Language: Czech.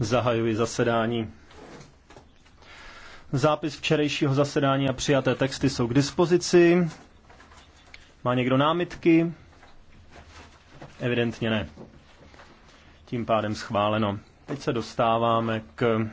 Zahajuji zasedání. Zápis včerejšího zasedání a přijaté texty jsou k dispozici. Má někdo námitky? Evidentně ne. Tím pádem schváleno. Teď se dostáváme k